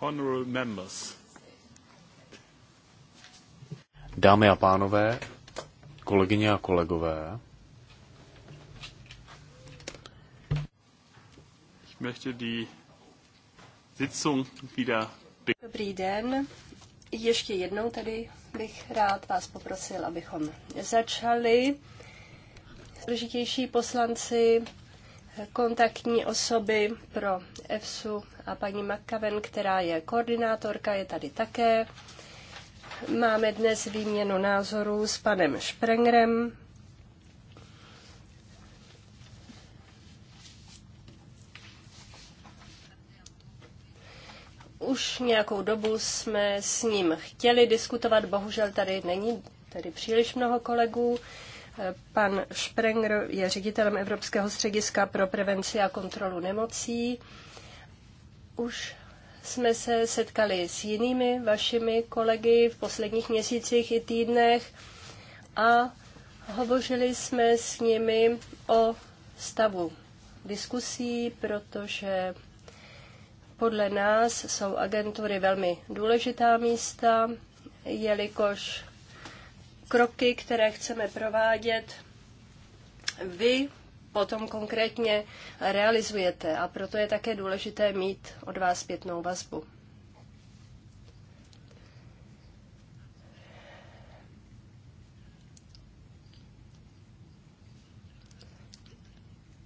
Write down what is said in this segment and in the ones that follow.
honorable members. Dámy a pánové, kolegyně a kolegové, ich möchte die Sitzung wieder Dobrý den. Ještě jednou tady bych rád vás poprosil, abychom začali. Složitější poslanci, kontaktní osoby pro EFSU a paní McCaven, která je koordinátorka, je tady také. Máme dnes výměnu názorů s panem Šprengrem. Už nějakou dobu jsme s ním chtěli diskutovat, bohužel tady není tady příliš mnoho kolegů. Pan Sprenger je ředitelem Evropského střediska pro prevenci a kontrolu nemocí. Už jsme se setkali s jinými vašimi kolegy v posledních měsících i týdnech a hovořili jsme s nimi o stavu diskusí, protože podle nás jsou agentury velmi důležitá místa, jelikož kroky, které chceme provádět, vy potom konkrétně realizujete a proto je také důležité mít od vás zpětnou vazbu.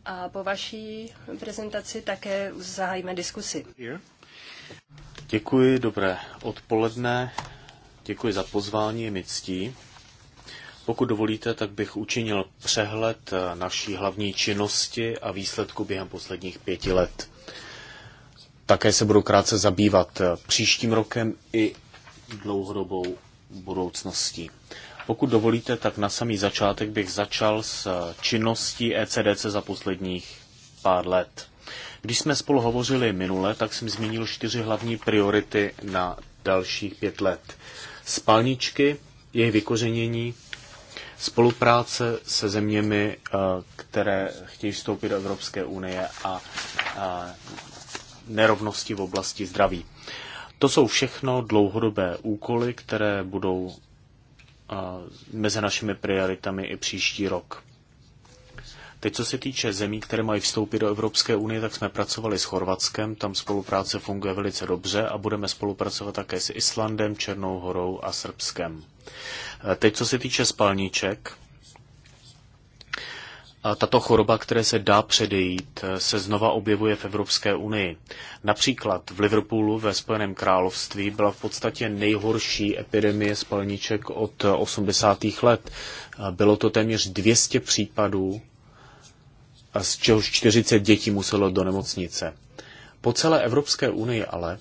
A po vaší prezentaci také zahájíme diskusi. Děkuji, dobré odpoledne. Děkuji za pozvání, mi ctí. Pokud dovolíte, tak bych učinil přehled eh, naší hlavní činnosti a výsledku během posledních pěti let. Také se budu krátce zabývat eh, příštím rokem i dlouhodobou budoucností. Pokud dovolíte, tak na samý začátek bych začal s eh, činností ECDC za posledních pár let. Když jsme spolu hovořili minule, tak jsem zmínil čtyři hlavní priority na dalších pět let. Spalničky, jejich vykořenění, spolupráce se zeměmi, eh, které chtějí vstoupit do Evropské unie a eh, nerovnosti v oblasti zdraví. To jsou všechno dlouhodobé úkoly, které budou eh, mezi našimi prioritami i příští rok. Teď, co se týče zemí, které mají vstoupit do Evropské unie, tak jsme pracovali s Chorvatskem, tam spolupráce funguje velice dobře a budeme spolupracovat také s Islandem, Černou horou a Srbskem. Teď, co se týče spalníček, tato choroba, které se dá předejít, se znova objevuje v Evropské unii. Například v Liverpoolu ve Spojeném království byla v podstatě nejhorší epidemie spalníček od 80. let. Bylo to téměř 200 případů, z čehož 40 dětí muselo do nemocnice. Po celé Evropské unii ale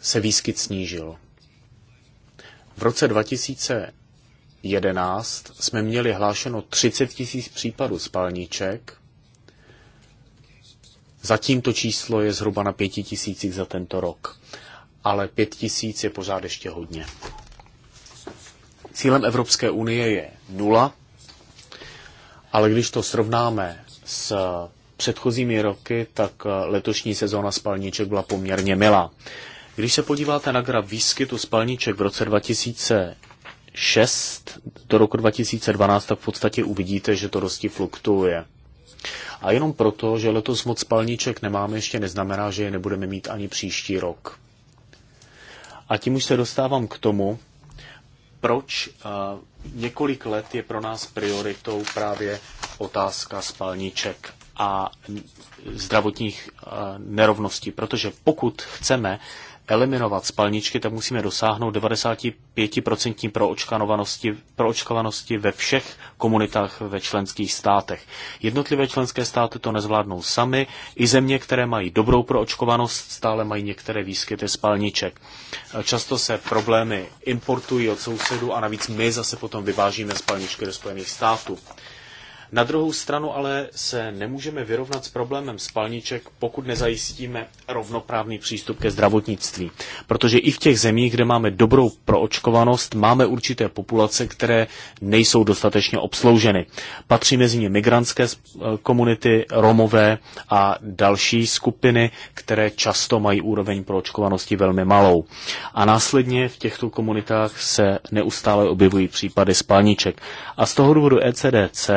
se výskyt snížil. V roce 2011 jsme měli hlášeno 30 tisíc případů spalníček. Zatím to číslo je zhruba na 5 tisících za tento rok, ale 5 tisíc je pořád ještě hodně. Cílem Evropské unie je nula, ale když to srovnáme s předchozími roky, tak letošní sezóna spalníček byla poměrně milá. Když se podíváte na graf výskytu spalniček v roce 2006 do roku 2012, tak v podstatě uvidíte, že to dosti fluktuuje. A jenom proto, že letos moc spalniček nemáme, ještě neznamená, že je nebudeme mít ani příští rok. A tím už se dostávám k tomu, proč eh, několik let je pro nás prioritou právě otázka spalniček a zdravotních eh, nerovností, protože pokud chceme, eliminovat spalničky, tak musíme dosáhnout 95% proočkovanosti, proočkovanosti ve všech komunitách ve členských státech. Jednotlivé členské státy to nezvládnou sami, i země, které mají dobrou proočkovanost, stále mají některé výskyty spalniček. Často se problémy importují od sousedů a navíc my zase potom vyvážíme spalničky do Spojených států. Na druhou stranu ale se nemůžeme vyrovnat s problémem spalniček, pokud nezajistíme rovnoprávný přístup ke zdravotnictví. Protože i v těch zemích, kde máme dobrou proočkovanost, máme určité populace, které nejsou dostatečně obslouženy. Patří mezi ně migrantské komunity, romové a další skupiny, které často mají úroveň proočkovanosti velmi malou. A následně v těchto komunitách se neustále objevují případy spalniček. A z toho důvodu ECDC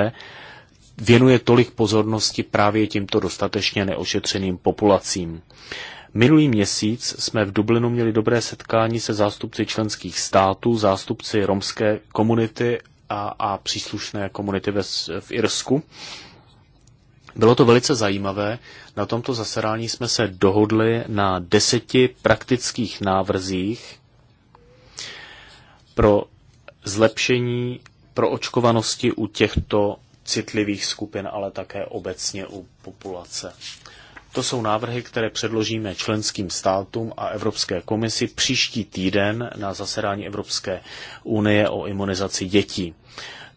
věnuje tolik pozornosti právě tímto dostatečně neošetřeným populacím. Minulý měsíc jsme v Dublinu měli dobré setkání se zástupci členských států, zástupci romské komunity a, a příslušné komunity ve, v Irsku. Bylo to velice zajímavé. Na tomto zasedání jsme se dohodli na deseti praktických návrzích pro zlepšení pro očkovanosti u těchto citlivých skupin, ale také obecně u populace. To jsou návrhy, které předložíme členským státům a Evropské komisi příští týden na zasedání Evropské unie o imunizaci dětí.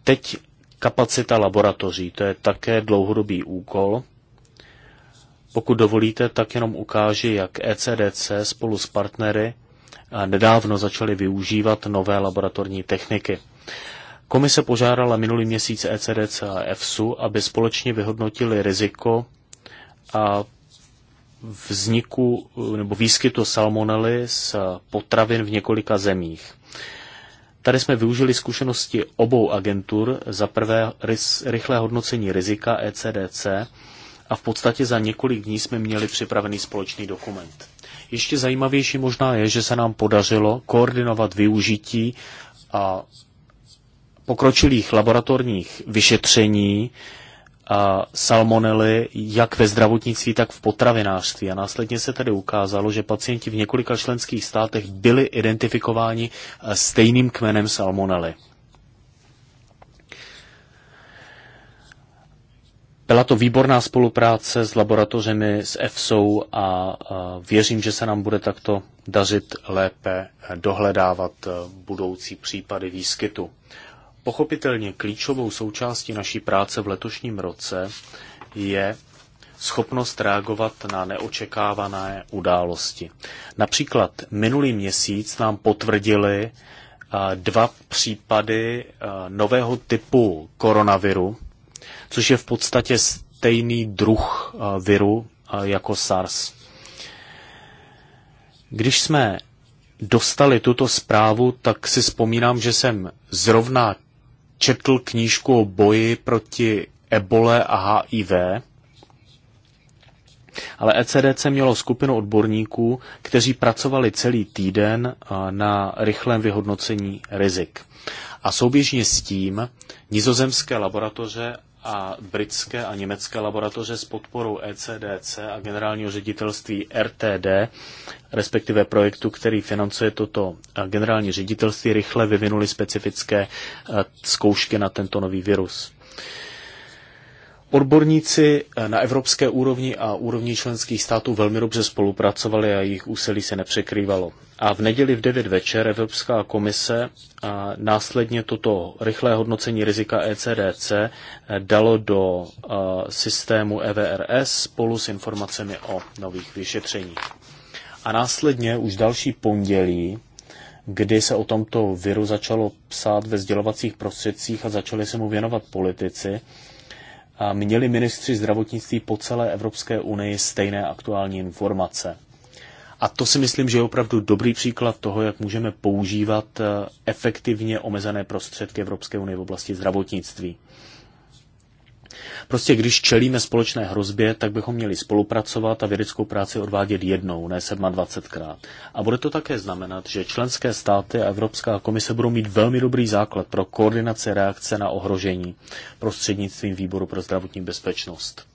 Teď kapacita laboratoří, to je také dlouhodobý úkol. Pokud dovolíte, tak jenom ukáži, jak ECDC spolu s partnery nedávno začaly využívat nové laboratorní techniky. Komise požádala minulý měsíc ECDC a EFSU, aby společně vyhodnotili riziko a vzniku nebo výskytu salmonely z potravin v několika zemích. Tady jsme využili zkušenosti obou agentur za prvé rychlé hodnocení rizika ECDC a v podstatě za několik dní jsme měli připravený společný dokument. Ještě zajímavější možná je, že se nám podařilo koordinovat využití a pokročilých laboratorních vyšetření salmonely jak ve zdravotnictví, tak v potravinářství. A následně se tedy ukázalo, že pacienti v několika členských státech byli identifikováni e, stejným kmenem salmonely. Byla to výborná spolupráce s laboratořemi, s EFSou a věřím, že se nám bude takto dařit lépe dohledávat e, budoucí případy výskytu. Pochopitelně klíčovou součástí naší práce v letošním roce je schopnost reagovat na neočekávané události. Například minulý měsíc nám potvrdili eh, dva případy eh, nového typu koronaviru, což je v podstatě stejný druh eh, viru jako SARS. Když jsme dostali tuto zprávu, tak si vzpomínám, že jsem zrovna četl knížku o boji proti ebole a HIV, ale ECDC mělo skupinu odborníků, kteří pracovali celý týden na rychlém vyhodnocení rizik. A souběžně s tím nizozemské laboratoře a britské a německé laboratoře s podporou ECDC a generálního ředitelství RTD, respektive projektu, který financuje toto generální ředitelství, rychle vyvinuli specifické zkoušky na tento nový virus. Odborníci eh, na evropské úrovni a úrovni členských států velmi dobře spolupracovali a jejich úsilí se nepřekrývalo. A v neděli v 9 večer Evropská komise a následně toto rychlé hodnocení rizika ECDC eh, dalo do eh, systému EVRS spolu s informacemi o nových vyšetřeních. A následně už další pondělí kdy se o tomto viru začalo psát ve sdělovacích prostředcích a začali se mu věnovat politici, měli ministři zdravotnictví po celé Evropské unii stejné aktuální informace. A to si myslím, že je opravdu dobrý příklad toho, jak můžeme používat eh, efektivně omezené prostředky Evropské unie v oblasti zdravotnictví. Prostě když čelíme společné hrozbě, tak bychom měli spolupracovat a vědeckou práci odvádět jednou, ne 27krát. A bude to také znamenat, že členské státy a Evropská komise budou mít velmi dobrý základ pro koordinaci reakce na ohrožení prostřednictvím Výboru pro zdravotní bezpečnost.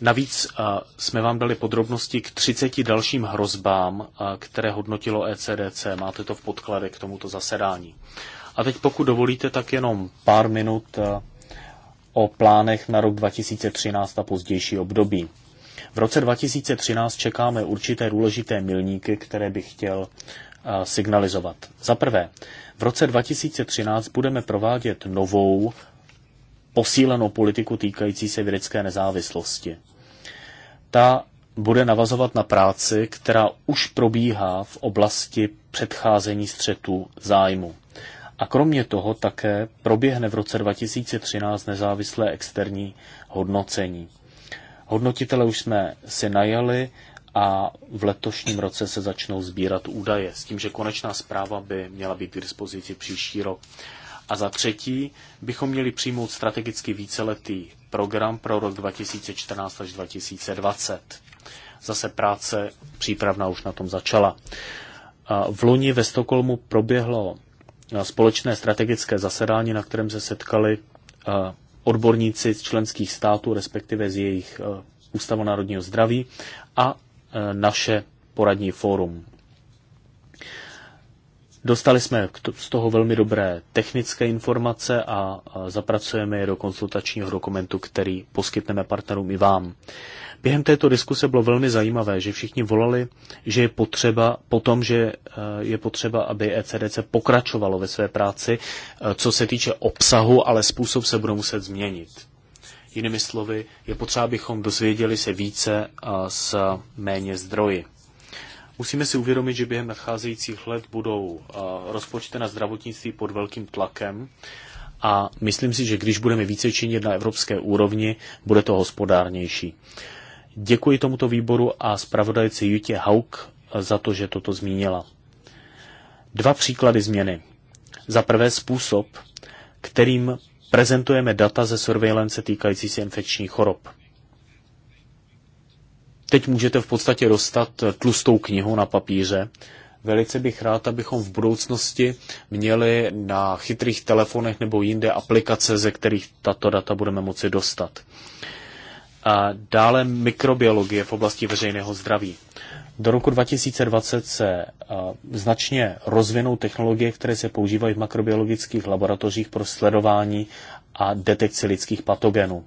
Navíc jsme vám dali podrobnosti k 30 dalším hrozbám, které hodnotilo ECDC. Máte to v podkladech k tomuto zasedání. A teď pokud dovolíte, tak jenom pár minut o plánech na rok 2013 a pozdější období. V roce 2013 čekáme určité důležité milníky, které bych chtěl eh, signalizovat. Za prvé, v roce 2013 budeme provádět novou posílenou politiku týkající se vědecké nezávislosti. Ta bude navazovat na práci, která už probíhá v oblasti předcházení střetu zájmu. A kromě toho také proběhne v roce 2013 nezávislé externí hodnocení. Hodnotitele už jsme si najali a v letošním roce se začnou sbírat údaje, s tím, že konečná zpráva by měla být k dispozici příští rok. A za třetí bychom měli přijmout strategicky víceletý program pro rok 2014 až 2020. Zase práce přípravná už na tom začala. V loni ve Stokholmu proběhlo společné strategické zasedání, na kterém se setkali odborníci z členských států, respektive z jejich Ústavu národního zdraví a naše poradní fórum, Dostali jsme z toho velmi dobré technické informace a zapracujeme je do konsultačního dokumentu, který poskytneme partnerům i vám. Během této diskuse bylo velmi zajímavé, že všichni volali, že je potřeba, potom, že e, je potřeba, aby ECDC pokračovalo ve své práci, e, co se týče obsahu, ale způsob se bude muset změnit. Jinými slovy, je potřeba, abychom dozvěděli se více e, s méně zdroji. Musíme si uvědomit, že během nadcházejících let budou uh, rozpočty na zdravotnictví pod velkým tlakem a myslím si, že když budeme více činit na evropské úrovni, bude to hospodárnější. Děkuji tomuto výboru a zpravodajce Jutě Hauk za to, že toto zmínila. Dva příklady změny. Za prvé způsob, kterým prezentujeme data ze surveillance týkající se infekčních chorob teď můžete v podstatě dostat tlustou knihu na papíře. Velice bych rád, abychom v budoucnosti měli na chytrých telefonech nebo jinde aplikace, ze kterých tato data budeme moci dostat. A dále mikrobiologie v oblasti veřejného zdraví. Do roku 2020 se značně rozvinou technologie, které se používají v makrobiologických laboratořích pro sledování a detekci lidských patogenů.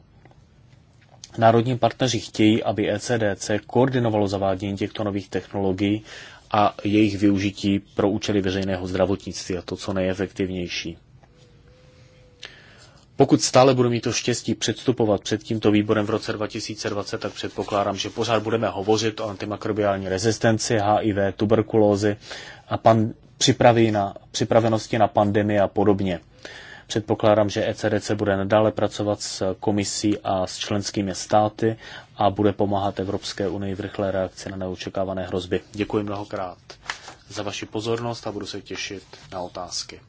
Národní partneři chtějí, aby ECDC koordinovalo zavádění těchto nových technologií a jejich využití pro účely veřejného zdravotnictví a to, co nejefektivnější. Pokud stále budu mít to štěstí předstupovat před tímto výborem v roce 2020, tak předpokládám, že pořád budeme hovořit o antimakrobiální rezistenci, HIV, tuberkulózy a pan, připraví na, připravenosti na pandemii a podobně. Předpokládám, že ECDC bude nadále pracovat s komisí a s členskými státy a bude pomáhat Evropské unii v rychlé reakci na neočekávané hrozby. Děkuji mnohokrát za vaši pozornost a budu se těšit na otázky.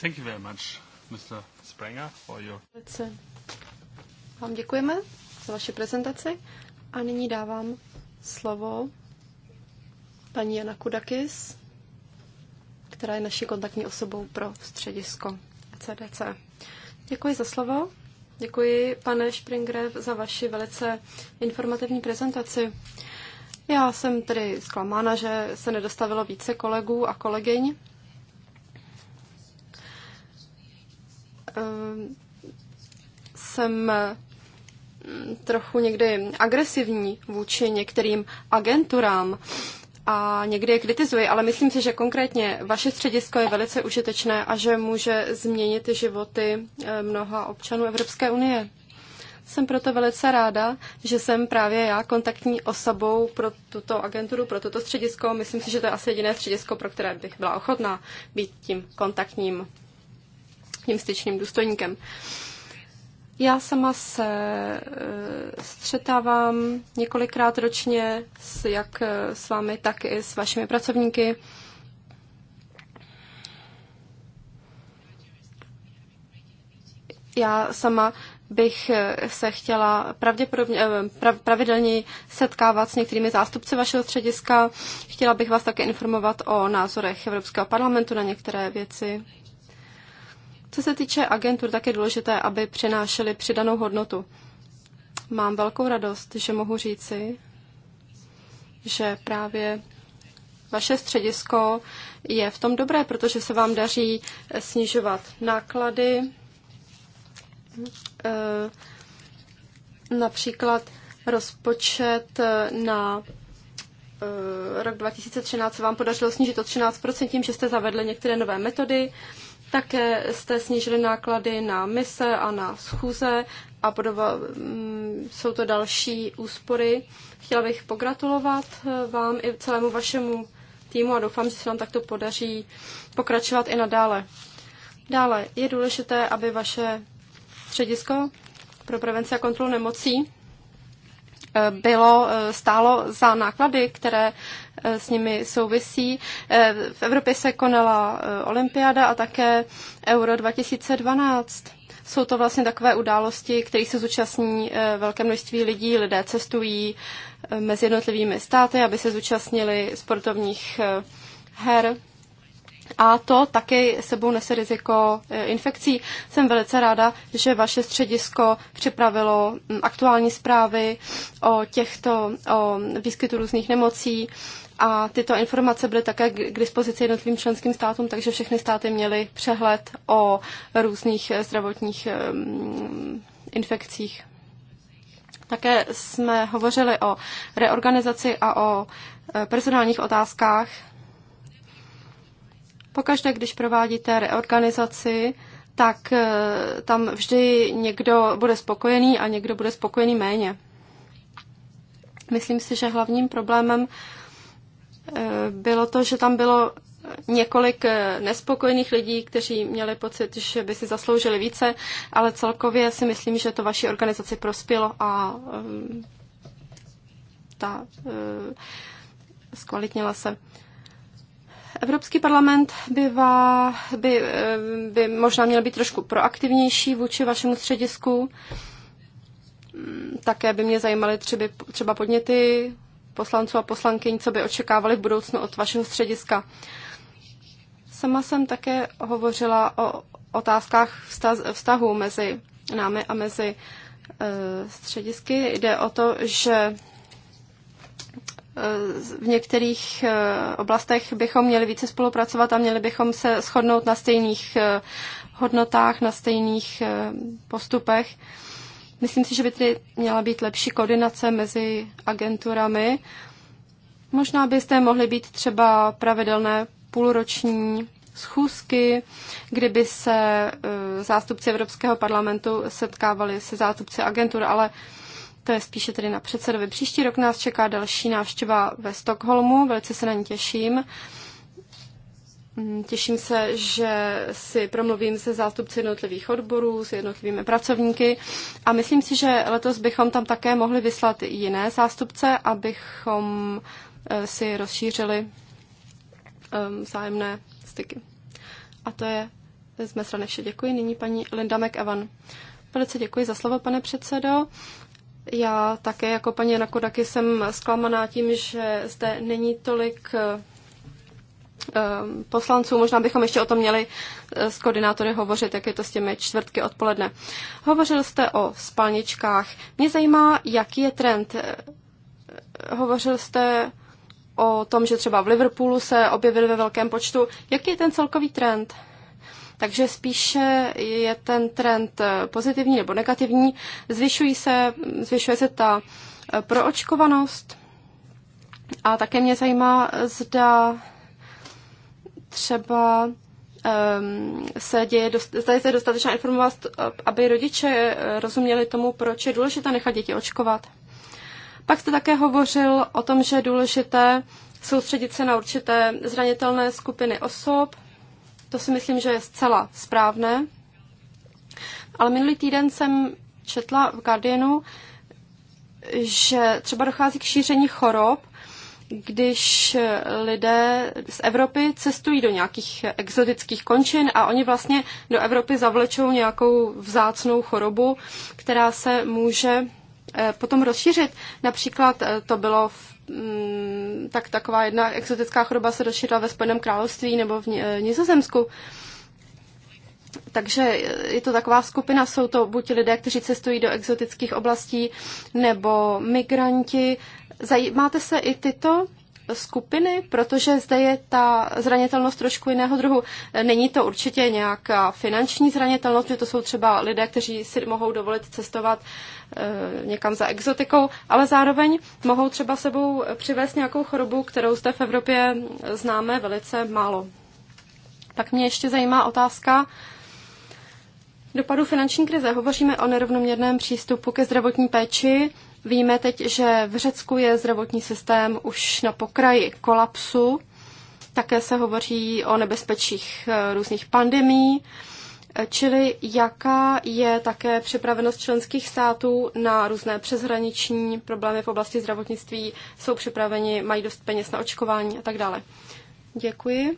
Thank you very much, Mr. Springer, for your... Vám děkujeme za vaši prezentaci a nyní dávám slovo paní Jana Kudakis, která je naší kontaktní osobou pro středisko. CDC. Děkuji za slovo. Děkuji, pane Springer, za vaši velice informativní prezentaci. Já jsem tedy zklamána, že se nedostavilo více kolegů a kolegyň. Ehm, jsem mm, trochu někdy agresivní vůči některým agenturám a někdy je kritizuji, ale myslím si, že konkrétně vaše středisko je velice užitečné a že může změnit životy eh, mnoha občanů Evropské unie. Jsem proto velice ráda, že jsem právě já kontaktní osobou pro tuto agenturu, pro toto středisko. Myslím si, že to je asi jediné středisko, pro které bych byla ochotná být tím kontaktním, tím styčným důstojníkem. Uh, já sama se eh, střetávám několikrát ročně, s, jak eh, s vámi, tak i s vašimi pracovníky. Já sama bych eh, se chtěla pravděpodobně, pravidelně setkávat s některými zástupci vašeho střediska. Chtěla bych vás také informovat o názorech Evropského parlamentu na některé věci. Co se týče agentur, tak je důležité, aby přinášely přidanou hodnotu. Mám velkou radost, že mohu říci, že právě vaše středisko je v tom dobré, protože se vám daří snižovat náklady. Eh, například rozpočet eh, na eh, rok 2013 se vám podařilo snížit o 13% tím, že jste zavedli některé nové metody. Také jste snížili náklady na mise a na schůze a podoba, mm, jsou to další úspory. Chtěla bych pogratulovat eh, vám i celému vašemu týmu a doufám, že se nám takto podaří pokračovat i nadále. Dále je důležité, aby vaše středisko pro prevenci a kontrolu nemocí bylo, eh, stálo za náklady, které eh, s nimi souvisí. Eh, v Evropě se konala olympiáda a také Euro 2012. Jsou to vlastně takové události, kterých se zúčastní velké množství lidí. Lidé cestují mezi jednotlivými státy, aby se zúčastnili sportovních her a to také sebou nese riziko e, infekcí. Jsem velice ráda, že vaše středisko připravilo aktuální zprávy o těchto o výskytu různých nemocí a tyto informace byly také k dispozici jednotlivým členským státům, takže všechny státy měly přehled o různých e, zdravotních e, infekcích. Také jsme hovořili o reorganizaci a o personálních otázkách Pokaždé, když provádíte reorganizaci, tak eh, tam vždy někdo bude spokojený a někdo bude spokojený méně. Myslím si, že hlavním problémem eh, bylo to, že tam bylo několik eh, nespokojených lidí, kteří měli pocit, že by si zasloužili více, ale celkově si myslím, že to vaší organizaci prospělo a ta zkvalitnila se. Evropský parlament by, vá, eh, by, by možná měl být trošku proaktivnější vůči vašemu středisku. Mm, také by mě zajímaly třeba, třeba podněty poslanců a poslankyň, co by očekávali v budoucnu od vašeho střediska. Sama jsem také hovořila o otázkách vztahu mezi námi a mezi eh, středisky. Jde o to, že v některých eh, oblastech bychom měli více spolupracovat a měli bychom se shodnout na stejných eh, hodnotách, na stejných eh, postupech. Myslím si, že by tedy měla být lepší koordinace mezi agenturami. Možná byste mohly být třeba pravidelné půlroční schůzky, kdyby se zástupci Evropského parlamentu setkávali se zástupci agentur, ale to je spíše tedy na předsedovi. Příští rok nás čeká další návštěva ve Stockholmu, velice se na ní těším. Mm, těším se, že si promluvím se zástupci jednotlivých odborů, s jednotlivými pracovníky a myslím si, že letos bychom tam také mohli vyslat i jiné zástupce, abychom eh, si rozšířili ehm, vzájemné styky. A to je z mé strany vše. Děkuji. Nyní paní Linda McEvan. Velice děkuji za slovo, pane předsedo. Já také jako paní Nakodaky jsem zklamaná tím, že zde není tolik eh, eh, poslanců. Možná bychom ještě o tom měli eh, s koordinátory hovořit, jak je to s těmi čtvrtky odpoledne. Hovořil jste o spalničkách. Mě zajímá, jaký je trend. Hovořil jste o tom, že třeba v Liverpoolu se objevily ve velkém počtu. Jaký je ten celkový trend? Takže spíše je ten trend pozitivní nebo negativní. Zvyšují se, zvyšuje se ta eh, proočkovanost a také mě zajímá, zda třeba um, se děje, dost, zda je dostatečná informovat, eh, aby rodiče eh, rozuměli tomu, proč je důležité nechat děti očkovat. Pak jste také hovořil o tom, že je důležité soustředit se na určité zranitelné skupiny osob, to si myslím, že je zcela správné. Ale minulý týden jsem četla v Guardianu, že třeba dochází k šíření chorob, když lidé z Evropy cestují do nějakých exotických končin a oni vlastně do Evropy zavlečou nějakou vzácnou chorobu, která se může eh, potom rozšířit. Například eh, to bylo v, mm, tak taková jedna exotická choroba se rozšířila ve Spojeném království nebo v eh, Nizozemsku. Takže je to taková skupina, jsou to buď lidé, kteří cestují do exotických oblastí, nebo migranti. Zajímáte se i tyto skupiny, protože zde je ta zranitelnost trošku jiného druhu. Není to určitě nějaká finanční zranitelnost, že to jsou třeba lidé, kteří si mohou dovolit cestovat eh, někam za exotikou, ale zároveň mohou třeba sebou přivést nějakou chorobu, kterou zde v Evropě známe velice málo. Tak mě ještě zajímá otázka, Dopadu finanční krize hovoříme o nerovnoměrném přístupu ke zdravotní péči. Víme teď, že v Řecku je zdravotní systém už na pokraji kolapsu. Také se hovoří o nebezpečích eh, různých pandemí, eh, čili jaká je také připravenost členských států na různé přeshraniční problémy v oblasti zdravotnictví, jsou připraveni, mají dost peněz na očkování a tak dále. Děkuji.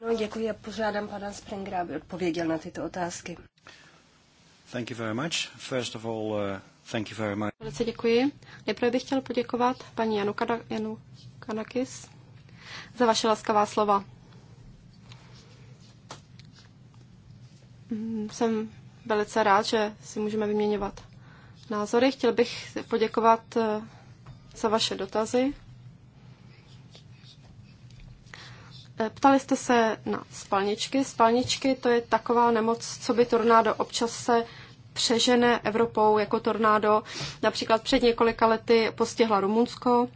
No, děkuji a požádám pana Sprengra, aby odpověděl na tyto otázky. Thank you very much. First of all, uh... Thank you very much. Velice děkuji. Nejprve bych chtěl poděkovat paní Janu, Kada, Janu Kanakis za vaše laskavá slova. Mm, jsem velice rád, že si můžeme vyměňovat názory. Chtěl bych poděkovat eh, za vaše dotazy. Eh, ptali jste se na spalničky. Spalničky to je taková nemoc, co by tornádo občas se přežene Evropou jako tornádo. Například před několika lety postihla Rumunsko,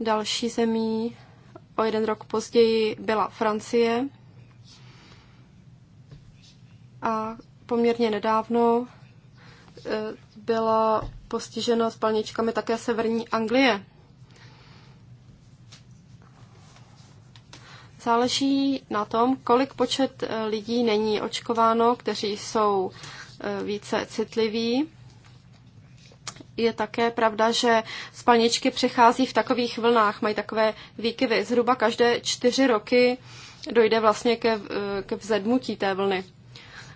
další zemí o jeden rok později byla Francie a poměrně nedávno e, byla postižena spalničkami také severní Anglie. Záleží na tom, kolik počet e, lidí není očkováno, kteří jsou Eh, více citlivý Je také pravda, že spalničky přechází v takových vlnách, mají takové výkyvy. Zhruba každé čtyři roky dojde vlastně ke, eh, ke vzedmutí té vlny.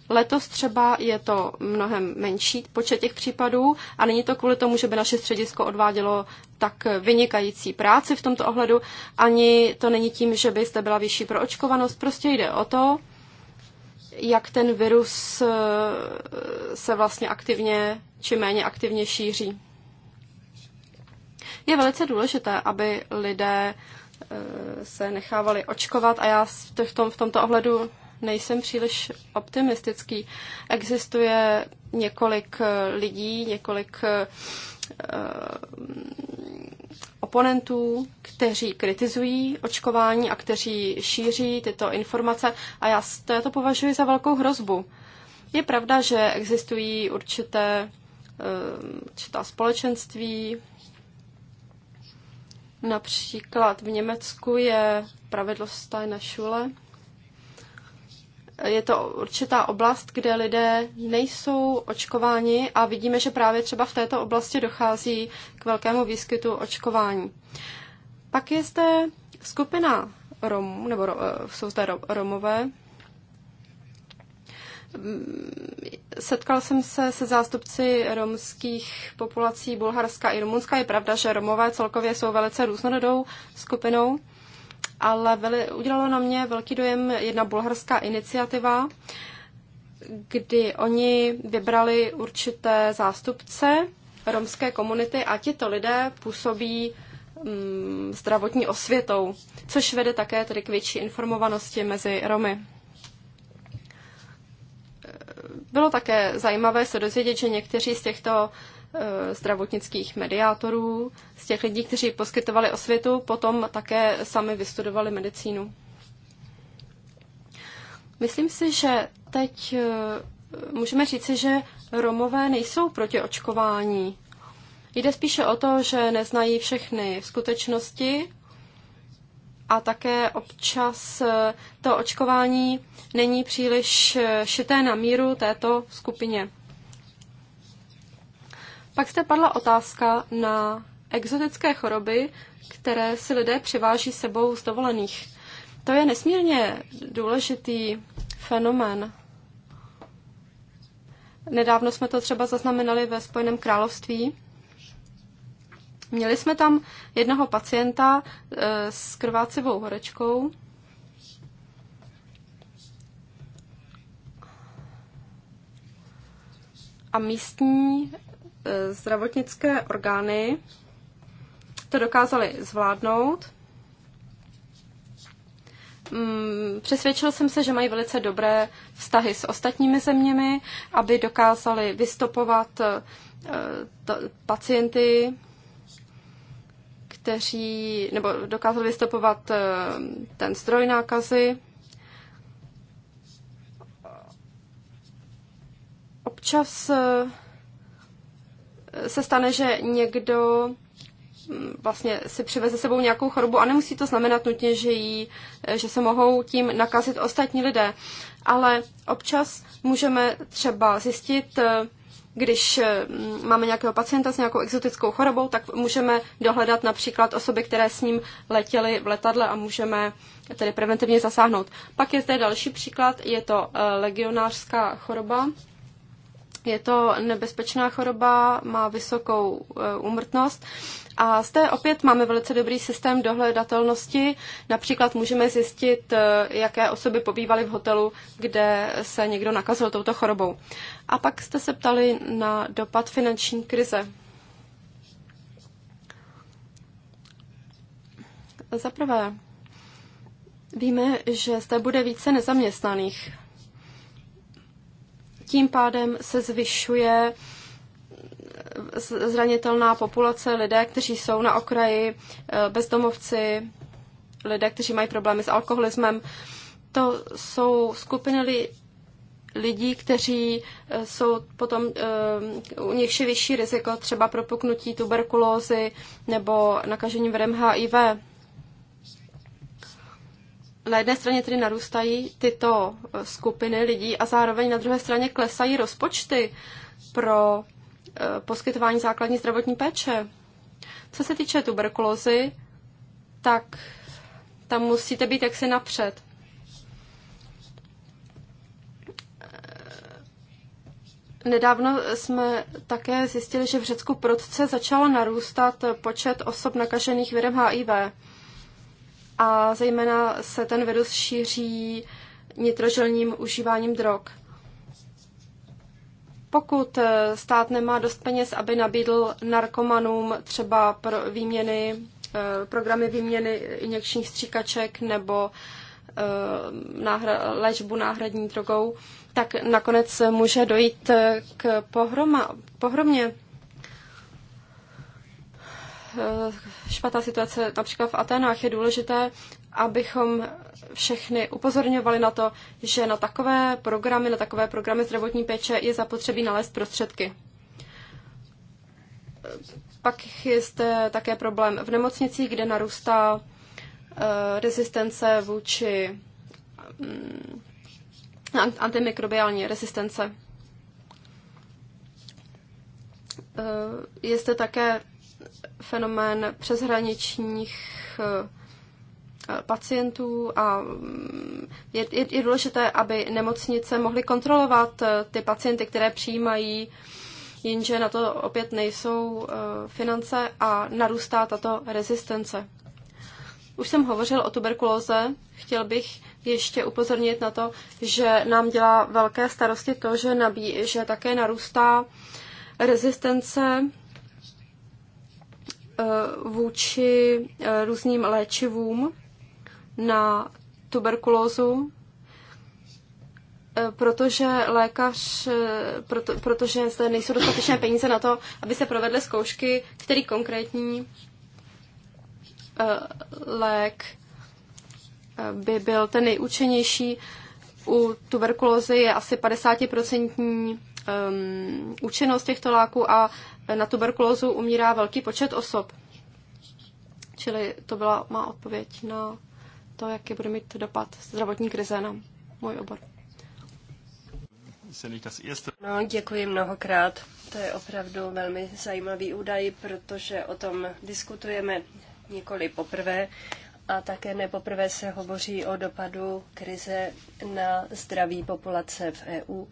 Letos třeba je to mnohem menší počet těch případů a není to kvůli tomu, že by naše středisko odvádělo tak vynikající práci v tomto ohledu, ani to není tím, že byste byla vyšší očkovanost. Prostě jde o to, jak ten virus eh, se vlastně aktivně či méně aktivně šíří. Je velice důležité, aby lidé eh, se nechávali očkovat a já v, tom, v tomto ohledu nejsem příliš optimistický. Existuje několik eh, lidí, několik oponentů, kteří kritizují očkování a kteří šíří tyto informace a já to považuji za velkou hrozbu. Je pravda, že existují určité, eh, určitá společenství, Například v Německu je pravidlo Steiner Schule, je to určitá oblast, kde lidé nejsou očkováni a vidíme, že právě třeba v této oblasti dochází k velkému výskytu očkování. Pak je zde skupina Romů, nebo eh, jsou zde Romové. Mm, setkal jsem se se zástupci romských populací Bulharska i Rumunska. Je pravda, že Romové celkově jsou velice různorodou skupinou ale veli, udělalo na mě velký dojem jedna bulharská iniciativa, kdy oni vybrali určité zástupce romské komunity a tito lidé působí mm, zdravotní osvětou, což vede také tedy k větší informovanosti mezi Romy. Bylo také zajímavé se dozvědět, že někteří z těchto Eh, zdravotnických mediátorů, z těch lidí, kteří poskytovali osvětu, potom také sami vystudovali medicínu. Myslím si, že teď eh, můžeme říci, že Romové nejsou proti očkování. Jde spíše o to, že neznají všechny skutečnosti a také občas eh, to očkování není příliš šité na míru této skupině. Pak zde padla otázka na exotické choroby, které si lidé přiváží sebou z dovolených. To je nesmírně důležitý fenomén. Nedávno jsme to třeba zaznamenali ve Spojeném království. Měli jsme tam jednoho pacienta eh, s krvácivou horečkou. A místní E, zdravotnické orgány to dokázaly zvládnout. Mm, přesvědčil jsem se, že mají velice dobré vztahy s ostatními zeměmi, aby dokázali vystopovat e, pacienty, kteří, nebo dokázali vystopovat e, ten stroj nákazy. Občas se stane, že někdo mm, vlastně si přiveze sebou nějakou chorobu a nemusí to znamenat nutně, že, jí, eh, že se mohou tím nakazit ostatní lidé. Ale občas můžeme třeba zjistit, eh, když eh, mm, máme nějakého pacienta s nějakou exotickou chorobou, tak můžeme dohledat například osoby, které s ním letěly v letadle a můžeme tedy preventivně zasáhnout. Pak je zde další příklad, je to legionářská choroba, Vlastně je to nebezpečná choroba, má vysokou e, úmrtnost. A zde opět máme velice dobrý systém dohledatelnosti. Například můžeme zjistit, e, jaké osoby pobývaly v hotelu, kde se někdo nakazil touto chorobou. A pak jste se ptali na dopad finanční krize. Za prvé, víme, že zde bude více nezaměstnaných tím pádem se zvyšuje zranitelná populace, lidé, kteří jsou na okraji, eh, bezdomovci, lidé, kteří mají problémy s alkoholismem. To jsou skupiny lidí, kteří eh, jsou potom, eh, u nich vyšší riziko třeba propuknutí tuberkulózy nebo nakažení virem HIV na jedné straně tedy narůstají tyto eh, skupiny lidí a zároveň na druhé straně klesají rozpočty pro eh, poskytování základní zdravotní péče. Co se týče tuberkulózy, tak tam musíte být jaksi napřed. Eh, nedávno jsme také zjistili, že v Řecku prudce začal narůstat počet osob nakažených virem HIV a zejména se ten virus šíří nitrožilním užíváním drog. Pokud eh, stát nemá dost peněz, aby nabídl narkomanům třeba pro výměny, eh, programy výměny injekčních stříkaček nebo eh, léčbu náhradní drogou, tak nakonec může dojít k pohroma, pohromě. Eh, špatná situace například v Atenách, je důležité, abychom všechny upozorňovali na to, že na takové programy, na takové programy zdravotní péče je zapotřebí nalézt prostředky. Eh, pak je zde také problém v nemocnicích, kde narůstá eh, rezistence vůči mm, antimikrobiální rezistence. Je zde také fenomén přeshraničních eh, pacientů a mm, je, je, je důležité, aby nemocnice mohly kontrolovat eh, ty pacienty, které přijímají, jenže na to opět nejsou eh, finance a narůstá tato rezistence. Už jsem hovořil o tuberkulóze, chtěl bych ještě upozornit na to, že nám dělá velké starosti to, že, nabí, že také narůstá rezistence Eh, vůči eh, různým léčivům na tuberkulózu, eh, protože lékař, proto, protože zde nejsou dostatečné peníze na to, aby se provedly zkoušky, který konkrétní lék by byl ten nejúčinnější. U tuberkulózy je asi 50% um, účinnost těchto láků a na tuberkulózu umírá velký počet osob. Čili to byla má odpověď na to, jaký bude mít dopad zdravotní krize na můj obor. No, děkuji mnohokrát. To je opravdu velmi zajímavý údaj, protože o tom diskutujeme nikoli poprvé a také nepoprvé se hovoří o dopadu krize na zdraví populace v EU.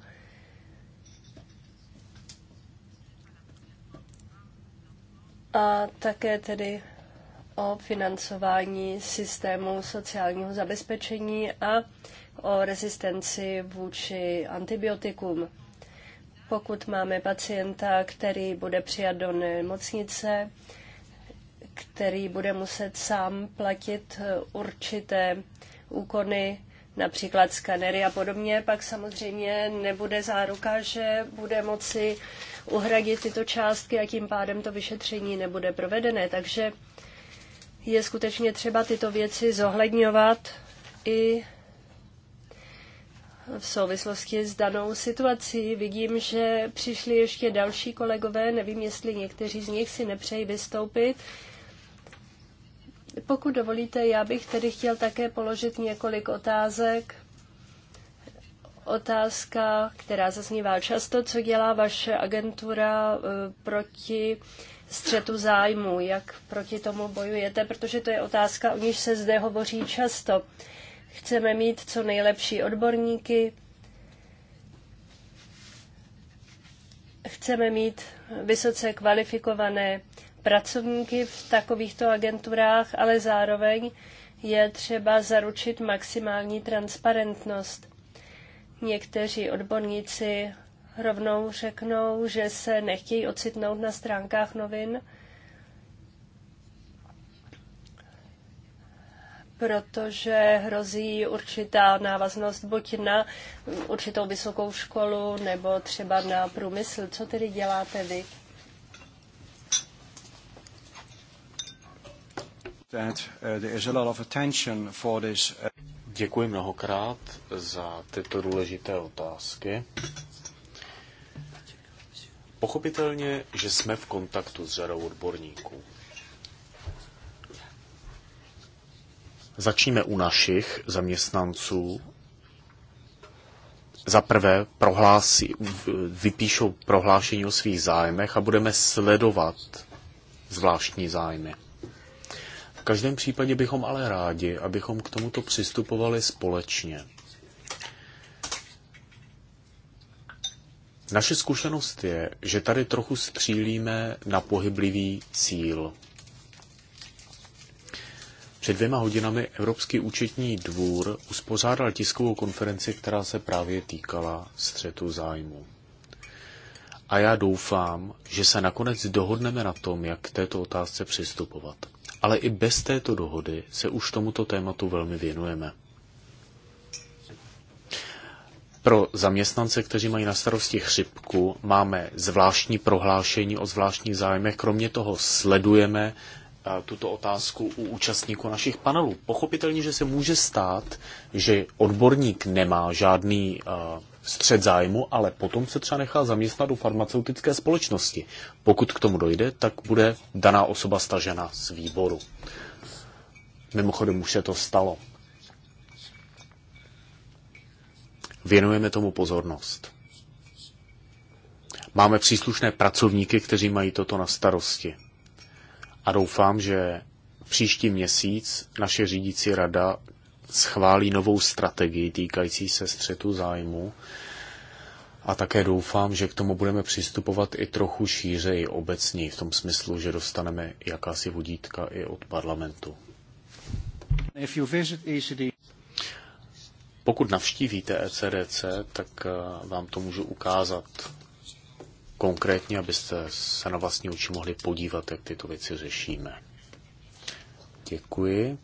A také tedy o financování systému sociálního zabezpečení a o rezistenci vůči antibiotikům. Pokud máme pacienta, který bude přijat do nemocnice, který bude muset sám platit eh, určité úkony, například skanery a podobně, pak samozřejmě nebude záruka, že bude moci uhradit tyto částky a tím pádem to vyšetření nebude provedené. Takže je skutečně třeba tyto věci zohledňovat i v souvislosti s danou situací. Vidím, že přišli ještě další kolegové, nevím, jestli někteří z nich si nepřejí vystoupit. Pokud dovolíte, já bych tedy chtěl také položit několik otázek. Otázka, která zaznívá často, co dělá vaše agentura e, proti střetu zájmu, jak proti tomu bojujete, protože to je otázka, o níž se zde hovoří často. Chceme mít co nejlepší odborníky, chceme mít vysoce kvalifikované pracovníky v takovýchto agenturách, ale zároveň je třeba zaručit maximální transparentnost. Někteří odborníci rovnou řeknou, že se nechtějí ocitnout na stránkách novin, protože hrozí určitá návaznost buď na určitou vysokou školu nebo třeba na průmysl. Co tedy děláte vy? Děkuji mnohokrát za tyto důležité otázky. Pochopitelně, že jsme v kontaktu s řadou odborníků. Začneme u našich zaměstnanců. Za prvé vypíšou prohlášení o svých zájmech a budeme sledovat zvláštní zájmy každém případě bychom ale rádi, abychom k tomuto přistupovali společně. Naše zkušenost je, že tady trochu střílíme na pohyblivý cíl. Před dvěma hodinami Evropský účetní dvůr uspořádal tiskovou konferenci, která se právě týkala střetu zájmu. A já doufám, že se nakonec dohodneme na tom, jak k této otázce přistupovat ale i bez této dohody se už tomuto tématu velmi věnujeme. Pro zaměstnance, kteří mají na starosti chřipku, máme zvláštní prohlášení o zvláštních zájmech. Kromě toho sledujeme eh, tuto otázku u účastníků našich panelů. Pochopitelně, že se může stát, že odborník nemá žádný eh, střed zájmu, ale potom se třeba nechá zaměstnat do farmaceutické společnosti. Pokud k tomu dojde, tak bude daná osoba stažena z výboru. Mimochodem už se to stalo. Věnujeme tomu pozornost. Máme příslušné pracovníky, kteří mají toto na starosti. A doufám, že příští měsíc naše řídící rada schválí novou strategii týkající se střetu zájmu. A také doufám, že k tomu budeme přistupovat i trochu šířeji obecně, v tom smyslu, že dostaneme jakási vodítka i od parlamentu. E Pokud navštívíte ECDC, tak eh, vám to můžu ukázat konkrétně, abyste se na vlastní oči mohli podívat, jak tyto věci řešíme. Děkuji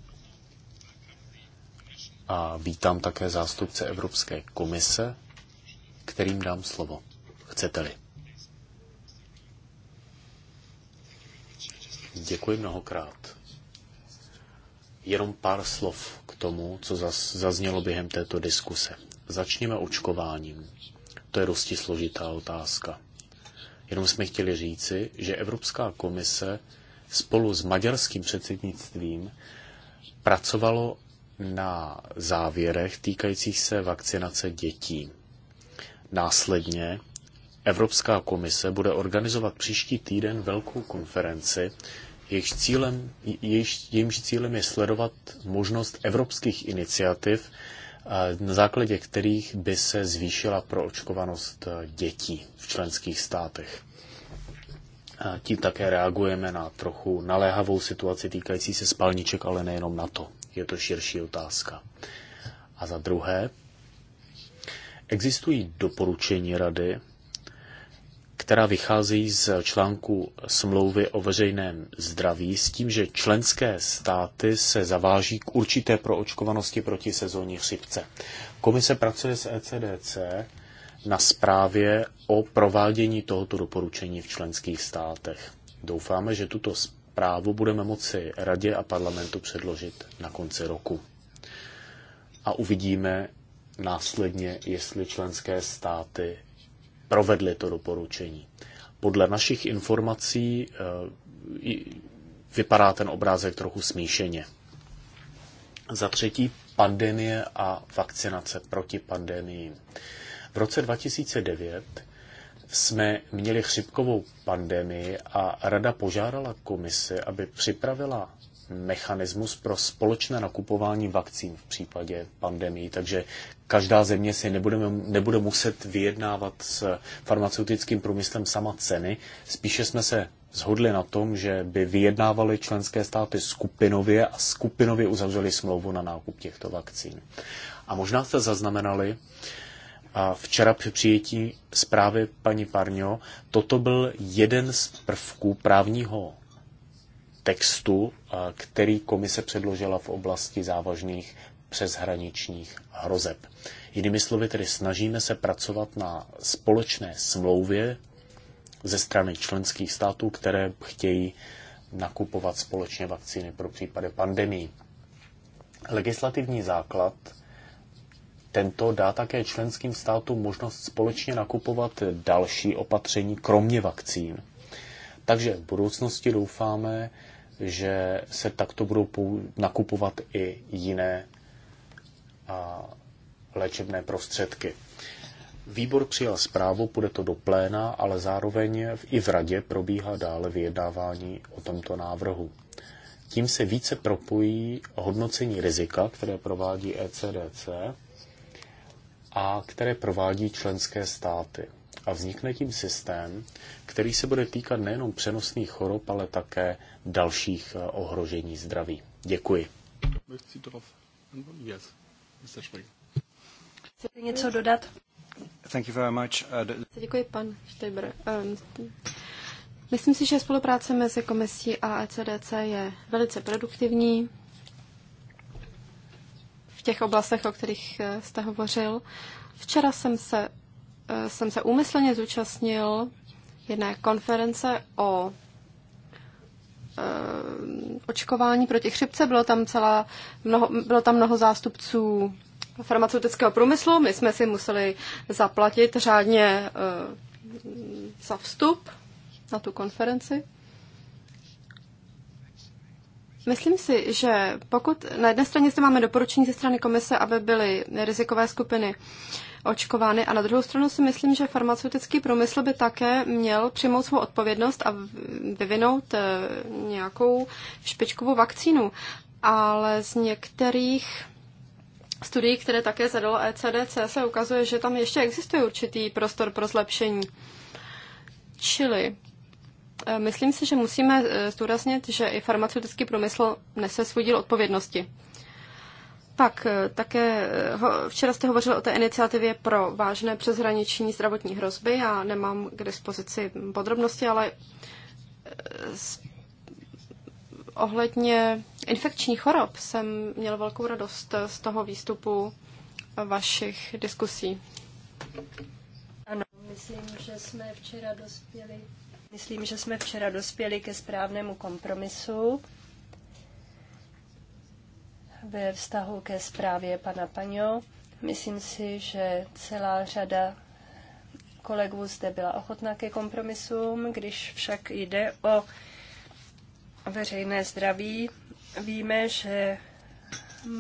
a vítám také zástupce Evropské komise, kterým dám slovo. Chcete-li? Děkuji mnohokrát. Jenom pár slov k tomu, co zaznělo během této diskuse. Začněme očkováním. To je dosti složitá otázka. Jenom jsme chtěli říci, že Evropská komise spolu s maďarským předsednictvím pracovalo na závěrech týkajících se vakcinace dětí. Následně Evropská komise bude organizovat příští týden velkou konferenci, jejíž cílem, jejíž, jejímž cílem je sledovat možnost evropských iniciativ, eh, na základě kterých by se zvýšila proočkovanost eh, dětí v členských státech. Tím také reagujeme na trochu naléhavou situaci týkající se spalniček, ale nejenom na to je to širší otázka. A za druhé, existují doporučení rady, která vychází z článku smlouvy o veřejném zdraví s tím, že členské státy se zaváží k určité proočkovanosti proti sezónní chřipce. Komise pracuje s ECDC na zprávě o provádění tohoto doporučení v členských státech. Doufáme, že tuto Právo budeme moci radě a parlamentu předložit na konci roku. A uvidíme následně, jestli členské státy provedly to doporučení. Podle našich informací eh, vypadá ten obrázek trochu smíšeně. Za třetí, pandemie a vakcinace proti pandemii. V roce 2009 jsme měli chřipkovou pandemii a rada požádala komisi, aby připravila mechanismus pro společné nakupování vakcín v případě pandemii, takže každá země si nebudeme, nebude muset vyjednávat s farmaceutickým průmyslem sama ceny. Spíše jsme se zhodli na tom, že by vyjednávali členské státy skupinově a skupinově uzavřeli smlouvu na nákup těchto vakcín. A možná jste zaznamenali, a včera při přijetí zprávy paní Parňo, toto byl jeden z prvků právního textu, který komise předložila v oblasti závažných přeshraničních hrozeb. Jinými slovy, tedy snažíme se pracovat na společné smlouvě ze strany členských států, které chtějí nakupovat společně vakcíny pro případy pandemii. Legislativní základ tento dá také členským státům možnost společně nakupovat další opatření, kromě vakcín. Takže v budoucnosti doufáme, že se takto budou nakupovat i jiné léčebné prostředky. Výbor přijal zprávu, půjde to do pléna, ale zároveň i v radě probíhá dále vyjednávání o tomto návrhu. Tím se více propojí hodnocení rizika, které provádí ECDC, a které provádí členské státy. A vznikne tím systém, který se bude týkat nejenom přenosných chorob, ale také dalších eh, ohrožení zdraví. Děkuji. Chcete něco dodat? Thank you very much. Uh, Děkuji, pan Štejber. Um, myslím si, že spolupráce mezi komisí a ECDC je velice produktivní těch oblastech, o kterých eh, jste hovořil. Včera jsem se, eh, jsem se úmyslně zúčastnil jedné konference o eh, očkování proti chřipce. Bylo tam, celá, mnoho, bylo tam mnoho zástupců farmaceutického průmyslu. My jsme si museli zaplatit řádně za vstup na tu konferenci. Myslím si, že pokud na jedné straně zde máme doporučení ze strany komise, aby byly rizikové skupiny očkovány a na druhou stranu si myslím, že farmaceutický průmysl by také měl přijmout svou odpovědnost a vyvinout eh, nějakou špičkovou vakcínu. Ale z některých studií, které také zadalo ECDC, se ukazuje, že tam ještě existuje určitý prostor pro zlepšení. Čili E, myslím si, že musíme e, zdůraznit, že i farmaceutický průmysl nese svůj díl odpovědnosti. Pak e, také včera jste hovořil o té iniciativě pro vážné přeshraniční zdravotní hrozby. Já nemám k dispozici podrobnosti, ale ohledně infekčních chorob jsem měl velkou radost z toho výstupu vašich diskusí. Ano, myslím, že jsme včera dospěli Myslím, že jsme včera dospěli ke správnému kompromisu ve vztahu ke zprávě pana Paňo. Myslím si, že celá řada kolegů zde byla ochotná ke kompromisům, když však jde o veřejné zdraví. Víme, že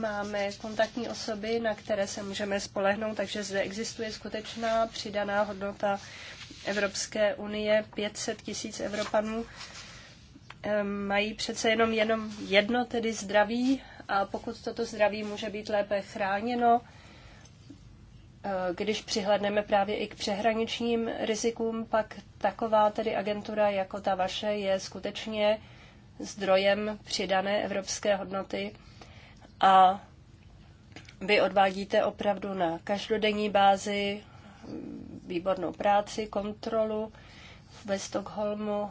máme kontaktní osoby, na které se můžeme spolehnout, takže zde existuje skutečná přidaná hodnota Evropské unie 500 tisíc Evropanů mají přece jenom, jenom jedno, tedy zdraví, a pokud toto zdraví může být lépe chráněno, eh, když přihledneme právě i k přehraničním rizikům, pak taková tedy agentura jako ta vaše je skutečně zdrojem přidané evropské hodnoty a vy odvádíte opravdu na každodenní bázi výbornou práci, kontrolu ve Stockholmu.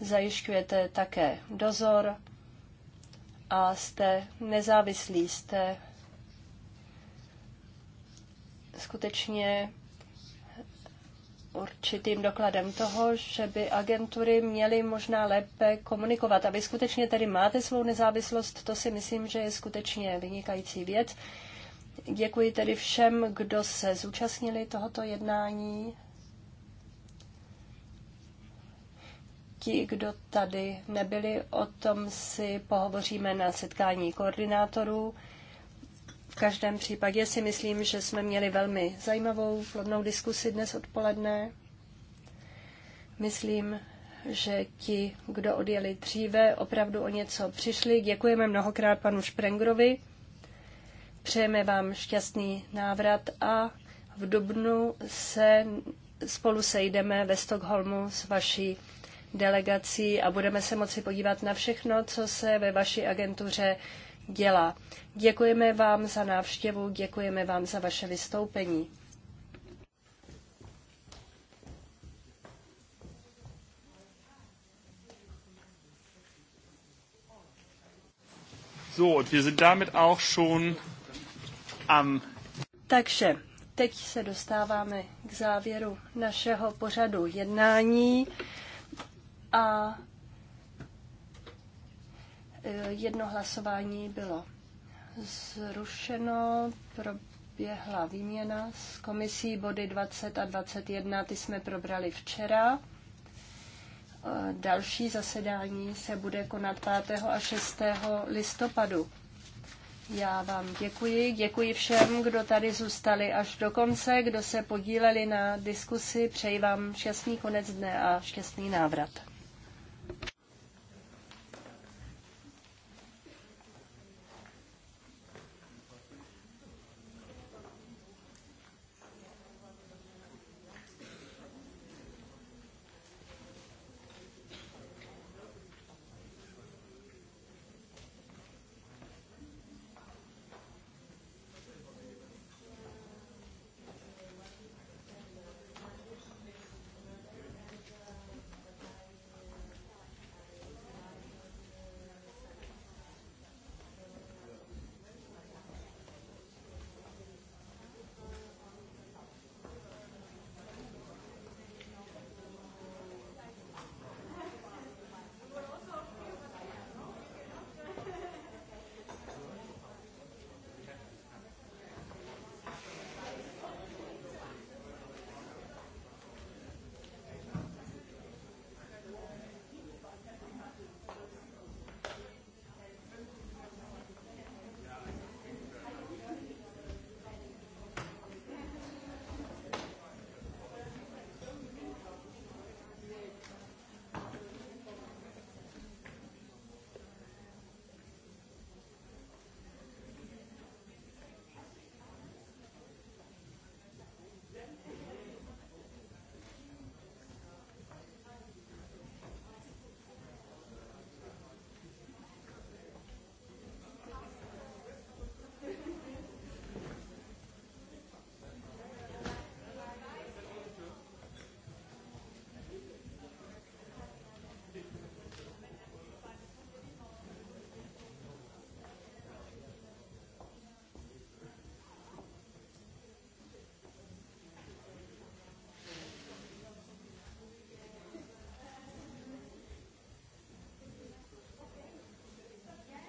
Zajišťujete také dozor a jste nezávislí, jste skutečně určitým dokladem toho, že by agentury měly možná lépe komunikovat. A vy skutečně tedy máte svou nezávislost, to si myslím, že je skutečně vynikající věc. Děkuji tedy všem, kdo se zúčastnili tohoto jednání. Ti, kdo tady nebyli, o tom si pohovoříme na setkání koordinátorů. V každém případě si myslím, že jsme měli velmi zajímavou, plodnou diskusi dnes odpoledne. Myslím, že ti, kdo odjeli dříve, opravdu o něco přišli. Děkujeme mnohokrát panu Šprengrovi. Přejeme vám šťastný návrat a v Dubnu se spolu sejdeme ve Stockholmu s vaší delegací a budeme se moci podívat na všechno, co se ve vaší agentuře dělá. Děkujeme vám za návštěvu, děkujeme vám za vaše vystoupení. So, und wir sind damit auch schon Um... Takže teď se dostáváme k závěru našeho pořadu jednání a e, jedno hlasování bylo zrušeno, proběhla výměna s komisí body 20 a 21, ty jsme probrali včera. E, další zasedání se bude konat 5. a 6. listopadu. Já vám děkuji. Děkuji všem, kdo tady zůstali až do konce, kdo se podíleli na diskusi. Přeji vám šťastný konec dne a šťastný návrat.